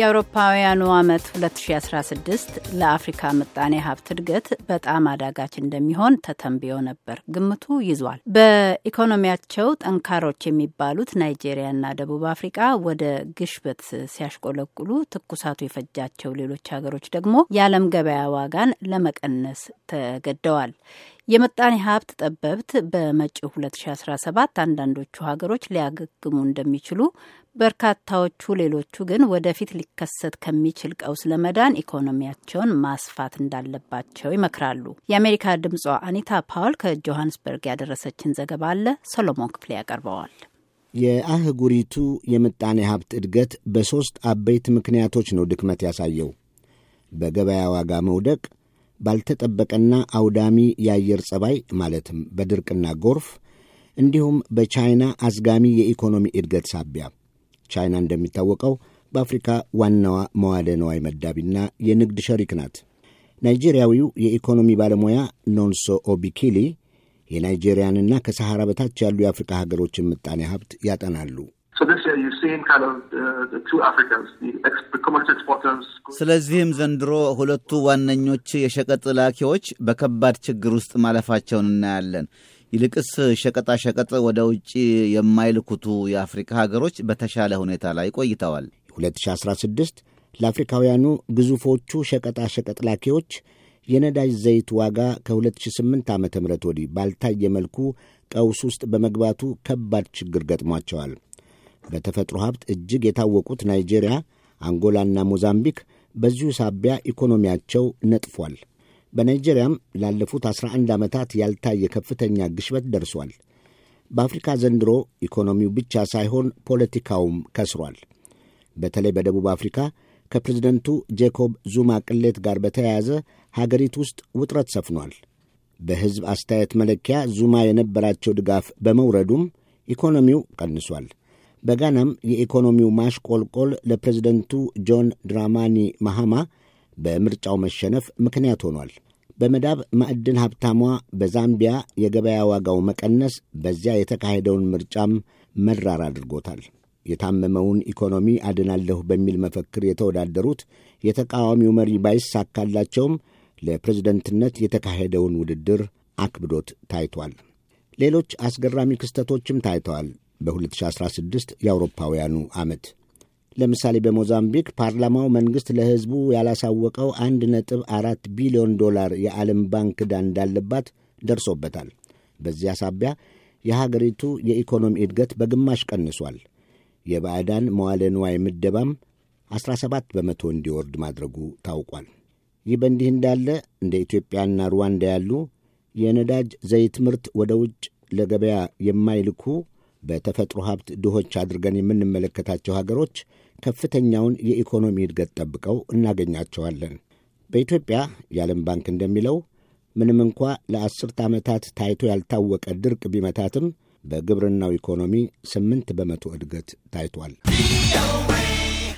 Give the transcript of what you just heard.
የአውሮፓውያኑ ዓመት 2016 ለአፍሪካ ምጣኔ ሀብት እድገት በጣም አዳጋች እንደሚሆን ተተንብዮ ነበር። ግምቱ ይዟል። በኢኮኖሚያቸው ጠንካሮች የሚባሉት ናይጄሪያና ደቡብ አፍሪቃ ወደ ግሽበት ሲያሽቆለቁሉ፣ ትኩሳቱ የፈጃቸው ሌሎች ሀገሮች ደግሞ የዓለም ገበያ ዋጋን ለመቀነስ ተገደዋል። የምጣኔ ሀብት ጠበብት በመጪው 2017 አንዳንዶቹ ሀገሮች ሊያገግሙ እንደሚችሉ በርካታዎቹ ሌሎቹ ግን ወደፊት ሊከሰት ከሚችል ቀውስ ለመዳን ኢኮኖሚያቸውን ማስፋት እንዳለባቸው ይመክራሉ። የአሜሪካ ድምጿ አኒታ ፓውል ከጆሃንስበርግ ያደረሰችን ዘገባ አለ ሰሎሞን ክፍሌ ያቀርበዋል። የአህጉሪቱ የምጣኔ ሀብት እድገት በሦስት አበይት ምክንያቶች ነው ድክመት ያሳየው በገበያ ዋጋ መውደቅ ባልተጠበቀና አውዳሚ የአየር ጸባይ ማለትም በድርቅና ጎርፍ እንዲሁም በቻይና አዝጋሚ የኢኮኖሚ እድገት ሳቢያ ቻይና እንደሚታወቀው በአፍሪካ ዋናዋ መዋለ ነዋይ መዳቢና የንግድ ሸሪክ ናት። ናይጄሪያዊው የኢኮኖሚ ባለሙያ ኖንሶ ኦቢኪሊ የናይጄሪያንና ከሰሐራ በታች ያሉ የአፍሪካ ሀገሮችን ምጣኔ ሀብት ያጠናሉ። Uh, ስለዚህም ዘንድሮ ሁለቱ ዋነኞች የሸቀጥ ላኪዎች በከባድ ችግር ውስጥ ማለፋቸውን እናያለን። ይልቅስ ሸቀጣሸቀጥ ወደ ውጭ የማይልኩቱ የአፍሪካ ሀገሮች በተሻለ ሁኔታ ላይ ቆይተዋል። 2016 ለአፍሪካውያኑ ግዙፎቹ ሸቀጣሸቀጥ ላኪዎች የነዳጅ ዘይት ዋጋ ከ2008 ዓ ም ወዲህ ባልታየ መልኩ ቀውስ ውስጥ በመግባቱ ከባድ ችግር ገጥሟቸዋል። በተፈጥሮ ሀብት እጅግ የታወቁት ናይጄሪያ፣ አንጎላና ሞዛምቢክ በዚሁ ሳቢያ ኢኮኖሚያቸው ነጥፏል። በናይጄሪያም ላለፉት 11 ዓመታት ያልታየ ከፍተኛ ግሽበት ደርሷል። በአፍሪካ ዘንድሮ ኢኮኖሚው ብቻ ሳይሆን ፖለቲካውም ከስሯል። በተለይ በደቡብ አፍሪካ ከፕሬዝደንቱ ጄኮብ ዙማ ቅሌት ጋር በተያያዘ ሀገሪቱ ውስጥ ውጥረት ሰፍኗል። በሕዝብ አስተያየት መለኪያ ዙማ የነበራቸው ድጋፍ በመውረዱም ኢኮኖሚው ቀንሷል። በጋናም የኢኮኖሚው ማሽቆልቆል ለፕሬዝደንቱ ጆን ድራማኒ ማሃማ በምርጫው መሸነፍ ምክንያት ሆኗል። በመዳብ ማዕድን ሀብታሟ በዛምቢያ የገበያ ዋጋው መቀነስ በዚያ የተካሄደውን ምርጫም መራር አድርጎታል። የታመመውን ኢኮኖሚ አድናለሁ በሚል መፈክር የተወዳደሩት የተቃዋሚው መሪ ባይሳካላቸውም ለፕሬዝደንትነት የተካሄደውን ውድድር አክብዶት ታይቷል። ሌሎች አስገራሚ ክስተቶችም ታይተዋል። በ2016 የአውሮፓውያኑ ዓመት ለምሳሌ በሞዛምቢክ ፓርላማው መንግሥት ለሕዝቡ ያላሳወቀው አንድ ነጥብ አራት ቢሊዮን ዶላር የዓለም ባንክ ዕዳ እንዳለባት ደርሶበታል። በዚያ ሳቢያ የሀገሪቱ የኢኮኖሚ እድገት በግማሽ ቀንሷል። የባዕዳን መዋለ ንዋይ ምደባም 17 በመቶ እንዲወርድ ማድረጉ ታውቋል። ይህ በእንዲህ እንዳለ እንደ ኢትዮጵያና ሩዋንዳ ያሉ የነዳጅ ዘይት ምርት ወደ ውጭ ለገበያ የማይልኩ በተፈጥሮ ሀብት ድሆች አድርገን የምንመለከታቸው ሀገሮች ከፍተኛውን የኢኮኖሚ እድገት ጠብቀው እናገኛቸዋለን። በኢትዮጵያ የዓለም ባንክ እንደሚለው ምንም እንኳ ለአስርተ ዓመታት ታይቶ ያልታወቀ ድርቅ ቢመታትም በግብርናው ኢኮኖሚ ስምንት በመቶ እድገት ታይቷል።